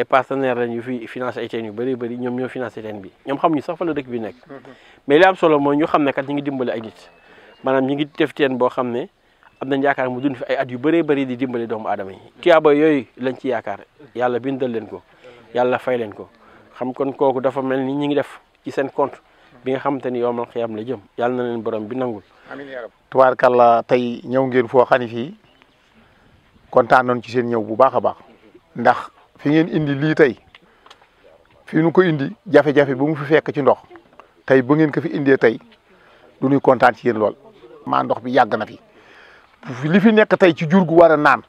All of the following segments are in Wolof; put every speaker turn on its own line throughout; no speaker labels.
ay partenaires lañ fi financé ay yu bari bari ñom ñoo financé teen bi ñom xam ñu sax fa la dëkk bi nekk mm-hmm. mais li am solo mooy ñu xam ne kat ñi ngi dimbali ay nit manam ñi ngi def teen boo xam ne am nañ yaakar mu dund fi ay at yu bari bari di dimbali doomu aadama yi tuyaaba yooyu lañ ci yaakar yalla bindal leen ko yalla fay leen ko xam kon koku dafa melni ñi ngi def ci seen compte bi nga xamante ni yowmal xiyam la jëm yalla na leen borom bi nangul amin ya rab tubaarkàlla tay ñew ngeen fo xani fi fii non ci seen ñew bu baax baax ndax fi ngeen indi lii tey fi nu ko indi jafe-jafe bu mu fi fekk ci ndox tey bu ngeen ko fi indee tey du nuy kontaan ci yéen lool. maa ndox bi yàgg na fi li fi nekk tey ci jur gu war a naan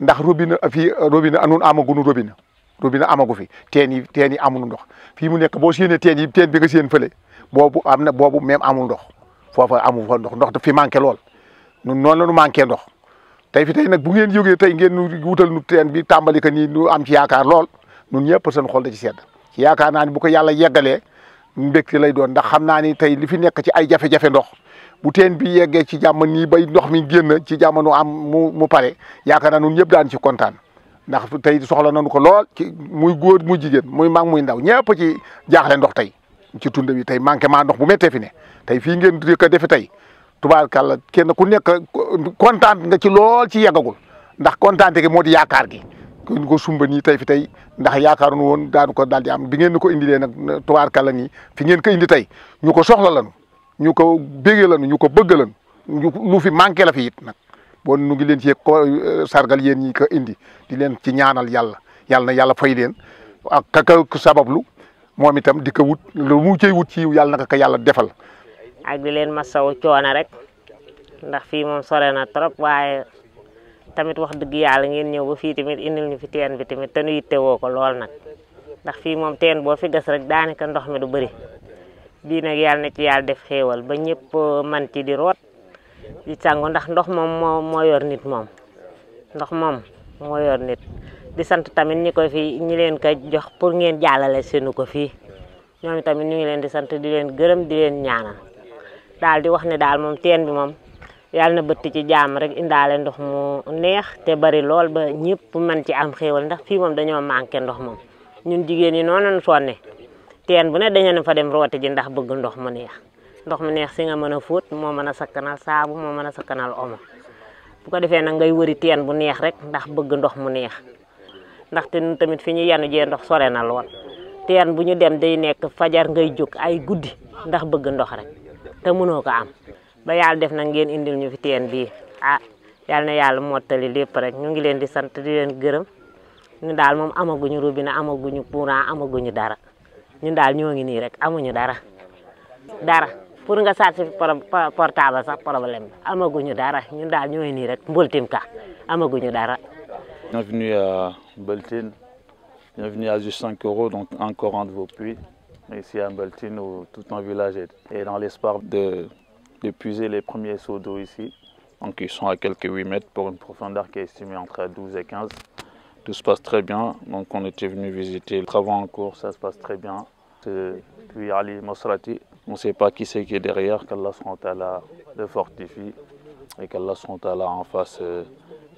ndax robinet fii robinet anun amagunu robinet robinet amagu fi teen yi teen yi amul ndox fii mu nekk boo séenee teen yi teen bi nga séen fële boobu am na boobu même amul ndox foofa amul fa ndox ndox daf fi manqué lool noonu la ñu manqué ndox. tey fi tey nag bu ngeen jógee tey ngeen wutal nu teen bi tàmbali ko nii nu am ci yaakaar lool ñun ñëpp seen xol da ci sedd ci yaakaar naa ni bu ko yàlla yeggalee mbégte lay doon ndax xam naa ni tey li fi nekk ci ay jafe ndox bu teen bi yeggee ci jàmm nii bay ndox mi génn ci jàmm am mu mu pare yaakaar naa ñun ñëpp daan ci kontaan ndax tey soxla nañu ko lool ci muy góor muy jigéen muy mag muy ndaw ñëpp ci jaaxle ndox tey ci tund bi tey manqué maa ndox bu méttee fi ne tey fii ngeen di ko defe tey tubaar tubaarkàlla kenn ku nekk kontaan nga ci lool ci yeggagul ndax kontaan gi moo di yaakaar gi ñu ko sumba nii tey fi tey ndax yaakaar yaakaaroon woon daanu ko daal di am bi ngeen ko indilee nag tubaarkàlla nii fi ngeen ko indi tey ñu ko soxla lanu ñu ko bégee nu ñu ko bëgg lanu ñu lu fi manqué la fi it nag bon nu ngi leen ci ko euh, sargal yéen ñi ko indi di leen ci ñaanal yàlla yàlla yàlla fay leen ak ka sabablu moom itam di ko wut lu mu cay wut ci yàlla naka ko yàlla defal
ak di leen masawu coono rek ndax fi mom sore na trop waye tamit wax dëgg yalla ngeen ñew ba fi tamit indil ñu fi ten bi tamit te yitte woko lol nak ndax fi mom ten bo fi gess rek daanaka ndox mi du bari bi nak yalla na ci yalla def xewal ba ñepp man ci di rot di sangu ndax ndox mom mo yor nit mom ndox mom mo yor nit di sant tamit ñi koy fi ñi leen ka jox pour ngeen jàllale seenu ko fi ñoom tamit ñu ngi leen di sant di leen gërëm di leen ñaanal dal di wax ne dal mom teen bi ya yalla na beuti ci jam rek indale ndox mu neex te bari lol ba ñepp man ci am xewal ndax fi mom dañoo manké ndox mom ñun jigeen yi noonu lañ sonne teen bu ne dañu na fa dem roote ji ndax bëgg ndox mu neex ndox mu neex si nga mëna foot mo mëna sakkanal saabu omo bu ko defé nak ngay wëri teen bu neex rek ndax bëgg ndox mu neex te ñun tamit fi ñu yanu jee ndox sore na lool teen bu ñu dem day nekk fajar ngay juk ay guddii ndax bëgg ndox rek te mënoo ko am ba yàlla def na ngeen indil ñu fi teen bii a ah, yàlla na yàlla mottali lépp rek ñu ngi leen di sant di leen gërëm ñu daal moom amaguñu robinet amaguñu courant amaguñu dara ñun daal ñoo ngi nii rek amuñu dara dara pour nga chargé portable sax problème bi amaguñu dara ñun daal ñoo ngi nii rek mboltim ka amaguñu dara.
Bienvenue à Mboltine, bienvenue à juste 5 euros, donc encore un de vos puits. ici à Mbeltine tout un village est, dans l'espoir de, puiser les premiers seaux d'eau ici. Donc ils sont à quelques 8 mètres pour une profondeur qui est estimée entre 12 et 15. Tout se passe très bien, donc on était venu visiter Le travail en cours, ça se passe très bien. Puis Ali Mosrati, on ne sait pas qui c'est qui est derrière, qu'Allah ta'ala le fortifie et qu'Allah ta'ala en fasse euh,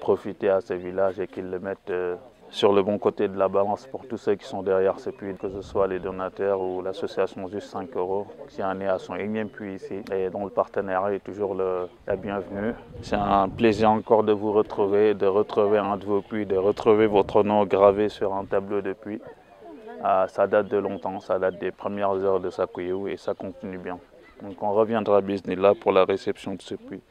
profiter à ce village et qu'il le mette euh, sur le bon côté de la balance pour tous ceux qui sont derrière ce puits, que ce soit les donateurs ou l'association Juste 5 euros, qui en est à son énième puits ici et dont le partenariat est toujours le, la bienvenue. C'est un plaisir encore de vous retrouver, de retrouver un de vos puits, de retrouver votre nom gravé sur un tableau de puits. Ah, ça date de longtemps, ça date des premières heures de Sakuyu et ça
continue bien. Donc on reviendra à là pour la réception de ce puits.